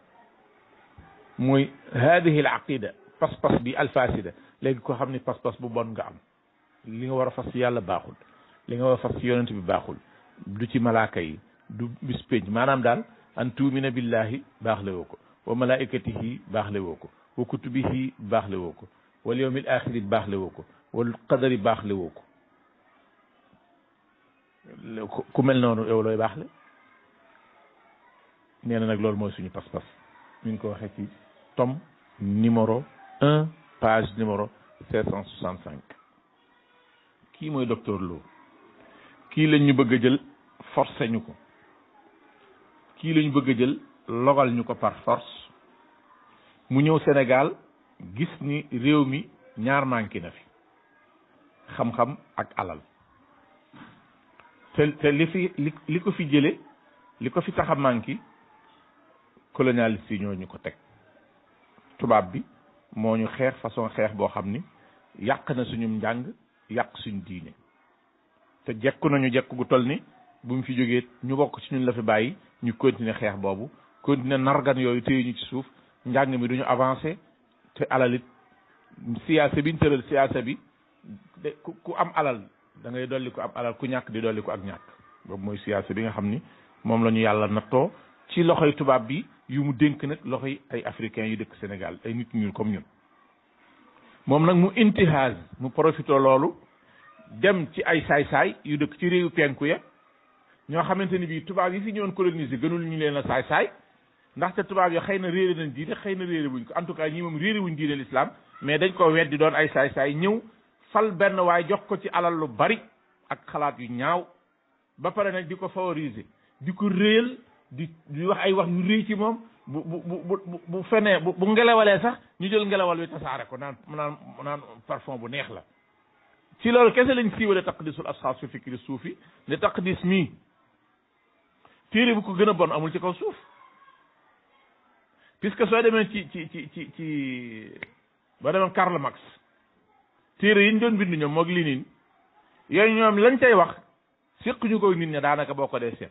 muy hadihi al aqida pas-pas bi alfasida léegi ko xam ni pas-pas bu bon nga am li nga war a fas yàlla baaxul li nga war a fas yonent bi baaxul du ci malaaka yi du bis pénc maanaam daal an tuumina billahi baax la woo ko wa baax baaxle woo ko wa kutubihi baaxle woo ko wal yawmil axiri baaxle woo ko wal qadari baaxle woo ko ku mel noonu yow looy baaxle nee na nag loolu mooy suñu pas-pas mi ngi ko waxee ci tom numéro un page numéro cinq cent soixante kii mooy docteur Lo kii lañ ñu bëgg a jël forcé ñu ko kii lañu bëgg a jël logal ñu ko par force mu ñëw Sénégal gis ni réew mi ñaar manqué na fi xam-xam ak alal te li fi li li ko fi jële li ko fi tax a manqué colonialiste ñoo ñu ko teg tubaab bi moo ñu xeex façon xeex boo xam ni yàq na suñu njàng yàq suñu diine te jekku nañu jekku gu toll ni bu mu fi jógee ñu bokk ci la fi bàyyi ñu continuer xeex boobu continuer nargan yooyu téye ñu ci suuf njàng mi duñu avancé te alal it siyaasa biñ tëral siyaasa bi de ku am alal dangay ngay ko am alal ku ñàkk di dolli ko ak ñàkk boobu mooy siyaasa bi nga xam ni moom la ñu yàlla nattoo ci loxoy tubaab bi yu mu dénk nag loxoy ay africains yu dëkk Sénégal ay nit ñuul comme ñun moom nag mu intihaas mu profité loolu dem ci ay saay-saay yu dëkk ci réewu penku ya ñoo xamante ni bii tubaab yi fi ñëwoon coloniser gënul ñu leen a saay-saay ndaxte tubaab yi xëy na réeré nañ diine xëy na réeré wuñ ko en tout cas ñi moom réeré wuñ diine l'islam mais dañ ko weddi doon ay saay-saay ñëw fal benn waaye jox ko ci alal lu bari ak xalaat yu ñaaw ba pare nag di ko favoriser di ko réel di di wax ay wax yu réy ci moom bu bu bu bu bu fenee bu ngelawalee sax ñu jël ngelawal wi tasaare ko naan naan naan parfum bu neex la ci loolu kese lañ siiwale taqdisul asxaas fi fikri suufi ne taqdis mii téere bu ko gën a bon amul ci kaw suuf puisque soo demee ci ci ci ci ci ba demee Karl Marx téere yi ñu doon bind ñoom moog Lénine yooyu ñoom lañ cay wax séq ñu koy nit ña daanaka boo ko dee seet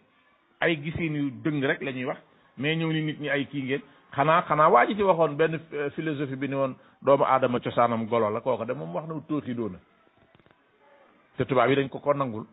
ay gisiin yu dëng rek la ñuy wax mais ñëw ni nit ñi ay kii ngeen xanaa xanaa waa ji ci waxoon benn euh, philosophie bi ni woon doomu aadama cosaanam golo la kooku de moom wax na tóoti doona te tubaab yi dañ ko ko nangul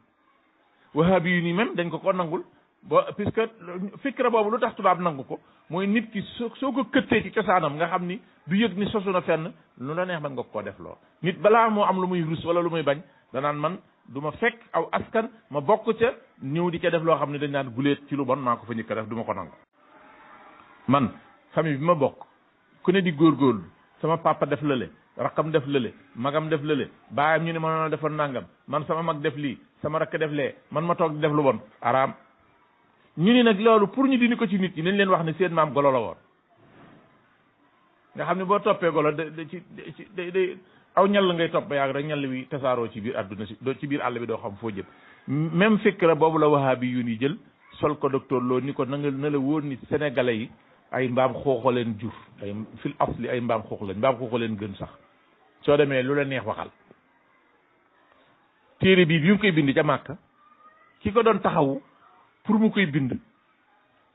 wahabi yu nii même dañ ko ko nangul ba puisque euh, fikra boobu lu tax tubaab nangu ko mooy nit ki soo soo ko këttee ci cosaanam nga xam ni du yëg ni sosu na fenn lu la neex man nga koo def loo nit balaa moo am lu muy rus wala lu muy bañ danaan man du ma fekk aw askan ma bokk ca ñëw di ca def loo xam ne dañ naan guleet ci lu bon maa ko fa njëkk def du ma ko nangu man famille bi ma bokk ku ne di góor góorgóorlu sama papa def lële rakkam def lee magam def lële baayam ñu ne ma noonu defoon nangam man sama mag def lii sama rakk def lee man ma toog di def lu ñu ni nag loolu pour ñu dindi ko ci nit ñi nañ leen wax ne seen maam golo la woon nga xam ne boo toppee golo da da ci day day aw ñal ngay topp ba yàgg rek ñal wi tasaaroo ci biir àdduna si ci biir àll bi doo xam foo jëm même fikra boobu la bi yu ni jël sol ko docteur loo ni ko na nga na la wóor ni sénégalais yi ay mbaam xooxo leen jur ay fil asli ay mbaam xoox leen mbaam xooxo leen gën sax soo demee lu la neex waxal téere bii bi mu koy bindi ca màkk ki ko doon taxawu pour mu koy bind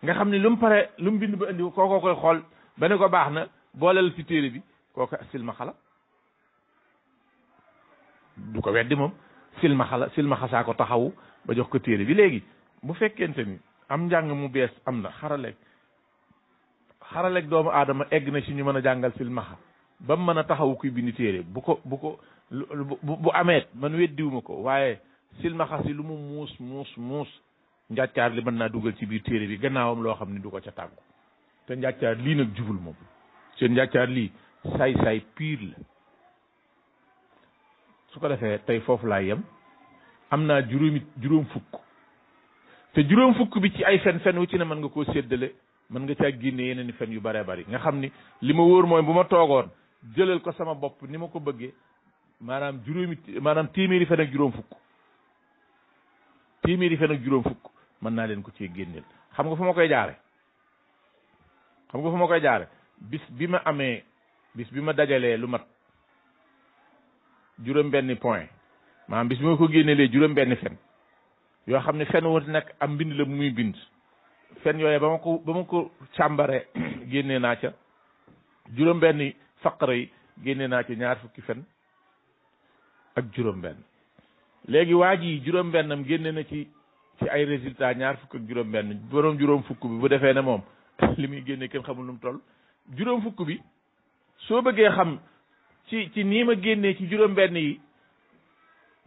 nga xam ne lu mu pare lu mu bind ba koo koo koy xool ba ne ko baax na booleel ci téere bi kooku silmaxa la du ko weddi moom silmaxa la silmaxa saa ko taxawu ba jox ko téere bi léegi bu fekkente ni am njàng mu bees am na xaraleeg xaraleeg doomu aadama egg na si ñu mën a jàngal silmaxa ba mu mën a taxawu kuy bind téere bu ko bu ko bu ameet man weddiwuma ko waaye silmaxa si lu mu muus muus muus njàccaar li mën naa dugal ci biir téere bi gannaawam loo xam ne du ko ca tàggu te njàccaar lii nag jubul moom seen njàccaar lii saay-saay piir la su ko defee tey foofu laa yem am naa juróomi juróom fukk te juróom fukk bi ci ay fen wu ci ne mën nga koo séddale mën nga caa génne yeneen i fen yu bare bari nga xam ni li ma wóor mooy bu ma toogoon jëlal ko sama bopp ni ma ko bëggee maanaam juróomi maanaam téeméeri fen juróom fukk téeméeri fen ak juróom fukk mën naa leen ko cee génneel xam nga fu ma koy jaare nga fu ma koy jaare bis bi ma amee bis bi ma dajalee lu mat juróom-benni point maanaam bis bi ma ko génneelee juróom-benni fen yoo xam ne fen nag am mbind la muy bind fen yooye ba ma ko ba ko càmbare génnee naa ca juróom-benni faqara yi génne naa ci ñaar fukki fen ak juróom-benn léegi waa ji juróom-bennam génne na ci ci ay résultat ñaar fukk ak juróom benn borom juróom fukk bi bu defee ne moom li muy génnee kenn xamul nu mu toll juróom fukk bi soo bëggee xam ci ci nii ma génnee ci juróom benn yi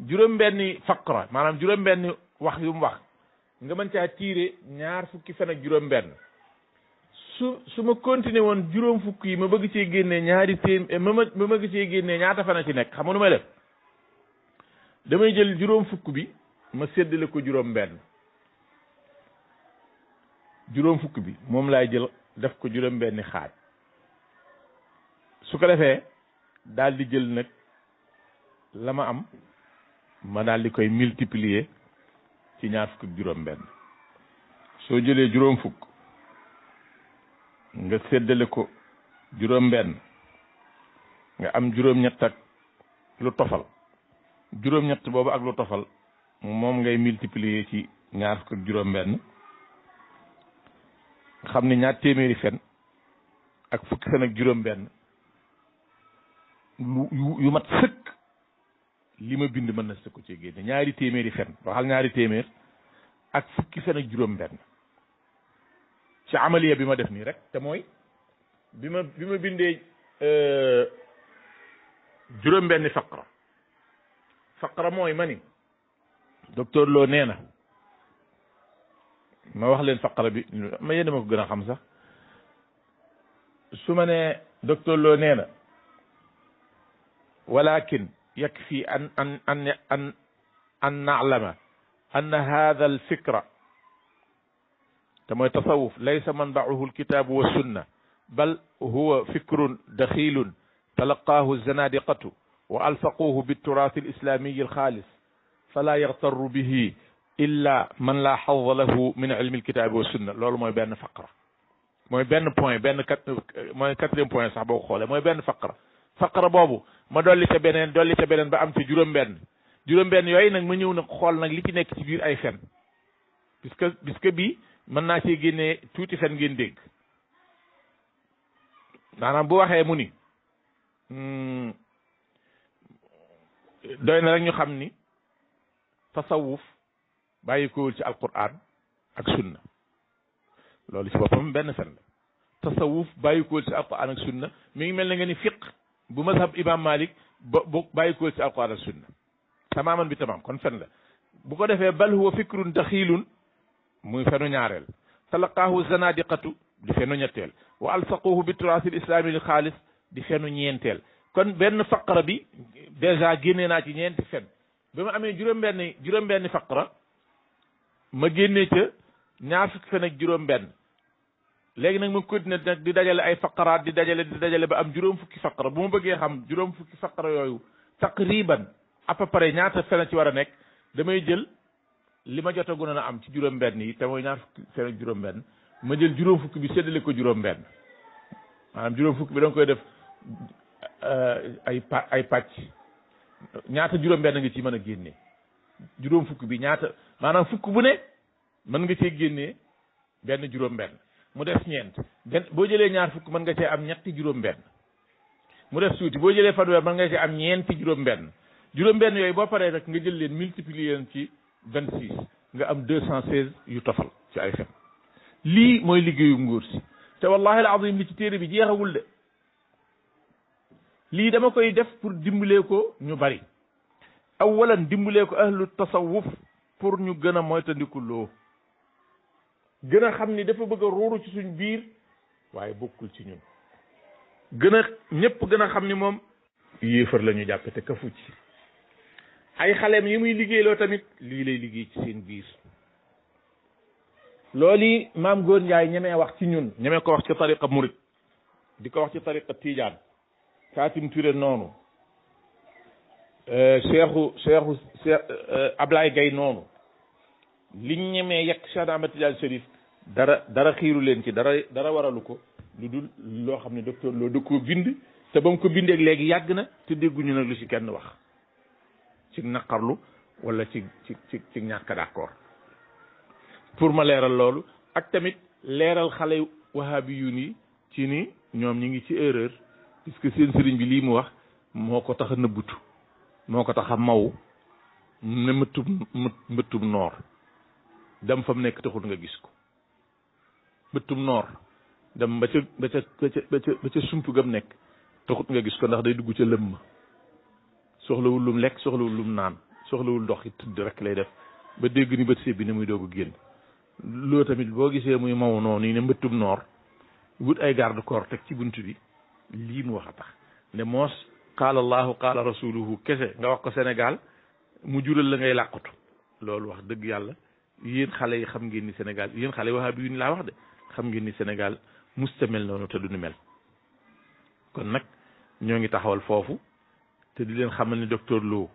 juróom benni faqra maanaam juróom benni wax yu mu wax nga mën caa tiire ñaar fukki fan ak juróom benn su su ma continuer woon juróom fukk yi ma bëgg cee génnee ñaari téem ma ma ma bëgg cee génnee ñaata fan a ci nekk xam nga nu may def damay jël juróom fukk bi ma seddale ko juróom benn juróom fukk bi moom laay jël def ko juróom benni xaaj su ko defee daal di jël nag la ma am ma daal di koy multiplier ci ñaar fukk ak juróom benn soo jëlee juróom fukk nga seddale ko juróom benn nga am juróom ñett ak lu tofal juróom ñett boobu ak lu tofal moom ngay multiplier ci ñaar fukk ak juróom xam ne ñaar téeméeri fen ak fukki fen ak juróom-benn lu yu mat sëkk li ma bind mën na sëkk ci génne ñaari téeméeri fen waxal ñaari téeméer ak fukki fen ak juróom-benn ci amaliya bi ma def nii rek te mooy bi bindee euh, juróom-benni faqra faqra mooy ma دكتور lo neena ma wax len faqara bi ma yene mako gëna xam sax suma ne docteur lo ولكن يكفي أن أن أن أن أن نعلم أن هذا الفكر كما التصوف ليس منبعه الكتاب والسنة بل هو فكر دخيل تلقاه الزنادقة والفقوه بالتراث الإسلامي الخالص فلا يغتر به الا من لا حظ له من علم الكتاب والسنه لول موي بن فقره موي بن بوين بن كات موي كاتريم بوين صاح بو خوله موي بن فقره فقره بوبو ما دولي تا بنين دولي تا بنين با ام في جوروم بن جوروم بن يوي نك ما نيو نك خول نك لي تي نيك تي بير اي فن بيسك بيسك بي من نا سي غيني توتي فن غين ديك نانام بو واخه موني امم دوينا رك ني خامني tasawuf bàyyi kowul ci alquran ak sunna loolu ci boppam benn fen la tasawuf bàyyi kowul ci alquran ak sunna mi ngi mel na nga ni fiq bu mazhab imam malik ba bu ci alquran ak sunna tamaaman bi tamaam kon fen la bu ko defee bal huwa fikrun daxiilun muy fenu ñaareel talaqaahu zanadiqatu di fenu ñetteel wa alsaquhu bi turaasil islaami li xaalis di fenu ñeenteel kon benn faqara bi dèjà génnee naa ci ñeenti fen bi ma amee juróom-benni juróom-benni faqra ma génnee ca ñaar fukki fan juróom-benn léegi nag ma continué nag di dajale ay faqaraat di dajale di dajale ba am juróom fukki faqra bu ma bëggee xam juróom fukki faqra yooyu taqriban à peu près ñaata fan ci war a nekk damay jël li ma jotagu na am ci juróom-benn yi te ñaar fukki fan juróom-benn ma jël juróom fukki bi séddale ko juróom-benn maanaam juróom fukki bi da koy def euh, ay ay ñaata juróom-benn nga ci mën a génne juróom fukk bi ñaata maanaam fukk bu ne mën nga cee génne benn juróom-benn mu def ñeent benn boo jëlee ñaar fukk mën nga cee am ñetti juróom mu def suuti boo jëlee fanweer mën nga cee am ñeenti juróom-benn juróom-benn yooyu boo paree rek nga jël leen multiplier leen ci vingt six nga am deux cent seize yu tofal ci ay fen lii mooy liggéeyu nguur si te wallahi al azim li ci téere bi jeexagul de lii dama koy def pour dimbalee ko ñu bari awalan dimbalee ko ahlu tasawuf pour ñu gën a moytandiku loo gën a xam ni dafa bëgg a ruuru ci suñ biir waaye bokkul ci ñun gën a ñëpp gën a xam ni moom yéefar la ñu jàpp te ci ay xaleem yi muy liggéeyloo tamit lii lay liggéey ci seen biir loolu yi maam góor njaay ñemee wax ci ñun ñemee ko wax ci tariqa murit di ko wax ci tariqa tiijaan Khatim Touré noonu euh, Cheikhou Cheikhou Cheikh euh, Ablaye Gaye noonu liñ ñemee yekk Cheikh Ahmed Tidiane dara dara xiiru leen ci dara dara waralu ko lu dul loo xam ne docteur loo da bind te ba mu ko bindeeg léegi yàgg na te dégguñu nag lu ci kenn wax ci naqarlu wala ci ci ci ñàkk d'accord pour ma leeral loolu ak tamit leeral xale wahabi yu nii ci ni ñoom ñi ngi ci erreur que seen sëriñ bi lii mu wax moo ko tax a nëbbutu moo ko tax a maw ne mëttub mëttub noor dem fa mu nekk taxul nga gis ko mëttu noor dem ba ca ba ca ba ca nekk taxut nga gis ko ndax day dugg ca lëmm soxlawul lum lekk soxlawul mu naan soxlawul ndox it tëdd rek lay def ba dégg ni bët seeb bi ni muy doog a génn loolu tamit boo gisee muy maw noonu yi ne mbëttum noor wut ay garde corps teg ci bunt bi lii mu wax a tax ne moos qaala allahu qaala rasuluhu kese nga wax ko Sénégal mu jural la ngay làqatu loolu wax dëgg yàlla yéen xale yi xam ngeen ni Sénégal yéen xale wahabi yu ni laa wax de xam ngeen ni Sénégal mustamel noonu te du nu mel kon nag ñoo ngi taxawal foofu te di leen xamal ni docteur Lo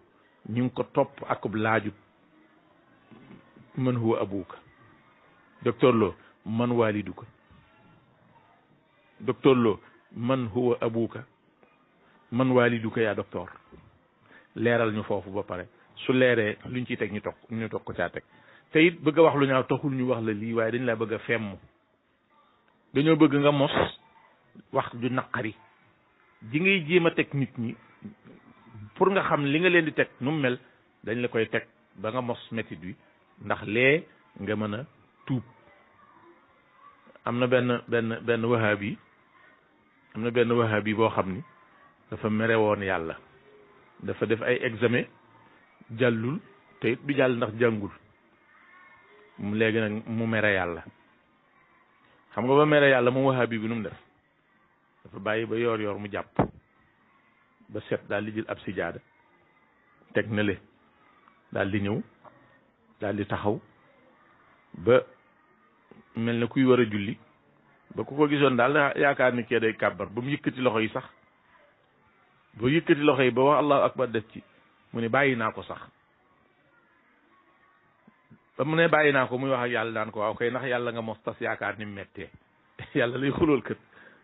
ñu ngi ko topp akub laajut man huwa abuka docteur Lo man Lo man huwa abuka man waaliduka yaa docteur leeral ñu foofu ba pare su leeree luñ ciy teg ñu toog ñu toog ko caa teg te it bëgg a wax lu ñaaw taxul ñu wax la lii waaye dañ laa bëgg a femm dañoo bëgg nga mos wax ju naqari di ngay jéem a teg nit ñi pour nga xam li nga leen di teg nu mu mel dañ la koy teg ba nga mos métit wi ndax lee nga mën a tuub am na benn benn benn wahaab yi am na benn wahabi boo xam ni dafa merewoon yàlla dafa def ay examen jàllul te it du jàll ndax jàngul mu léegi nag mu mere yàlla xam nga ba mere yàlla moom wahabi bi nu mu def dafa bàyyi ba yoor yoor mu jàpp ba set daal di jël ab si sijaada teg na le daal di ñëw daal di taxaw ba mel na kuy war a julli ba ku ko gisoon daal yaakaar ni kee day kàbbar ba mu yëkkati loxo yi sax ba yëkkati loxo yi ba wax allahu akbar def ci mu ne bàyyi naa ko sax ba mu ne bàyyi naa ko muy wax ak yàlla naan ko waaw kay ndax yàlla nga mos tas yaakaar ni mu méttee yàlla lay xulool kët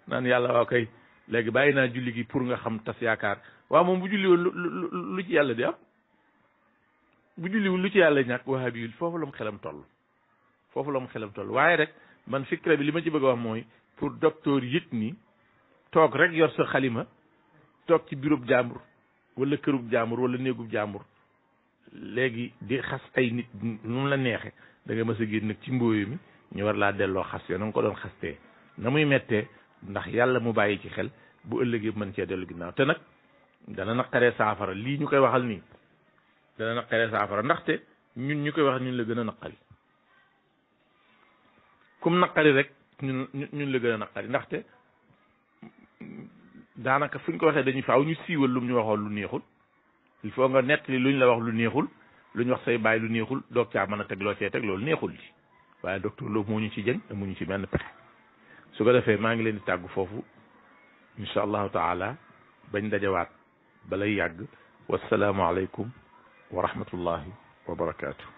naan yàlla waaw kay léegi bàyyi naa julli gi pour nga xam tas yaakaar waaw moom bu julli woon lu lu ci yàlla di am bu julliwul lu ci yàlla ñàkk wahabi yul foofu la mu xelam toll foofu la mu xelam toll waaye man fikra bi li ma ci bëgg a wax mooy pour docteur yëg nii toog rek yor sa xalima toog ci birub jàmbur wala kërub jàmbur walla néegub jàmbur léegi di xas ay nit nu la neexe da nga a génn nag ci mbooyu mi ñu war laa delloo xas yo na nga ko doon xastee na muy mettee ndax yàlla mu bàyyi ci xel bu ëllëgee mën cee dellu ginnaaw te nag dana naqaree saafara lii ñu koy waxal nii dana naqaree saafara ndaxte ñun ñu koy wax ñun la gën a naqari kum naqari rek ñun ñun la gën a naqari ndaxte daanaka fuñ ko waxe dañu faaw ñu siwal lu ñu waxoon lu neexul il faut nga nettali luñ la wax lu neexul luñ wax say bay lu neexul doog caa mën a teg loo see teg neexul li waye docteur Lo moñu ci jëñ te moñu ci benn pex su ko defé ma ngi leen di tagu fofu inshallah taala bañ dajawaat balay yàgg alaykum wa rahmatullahi wa barakatuh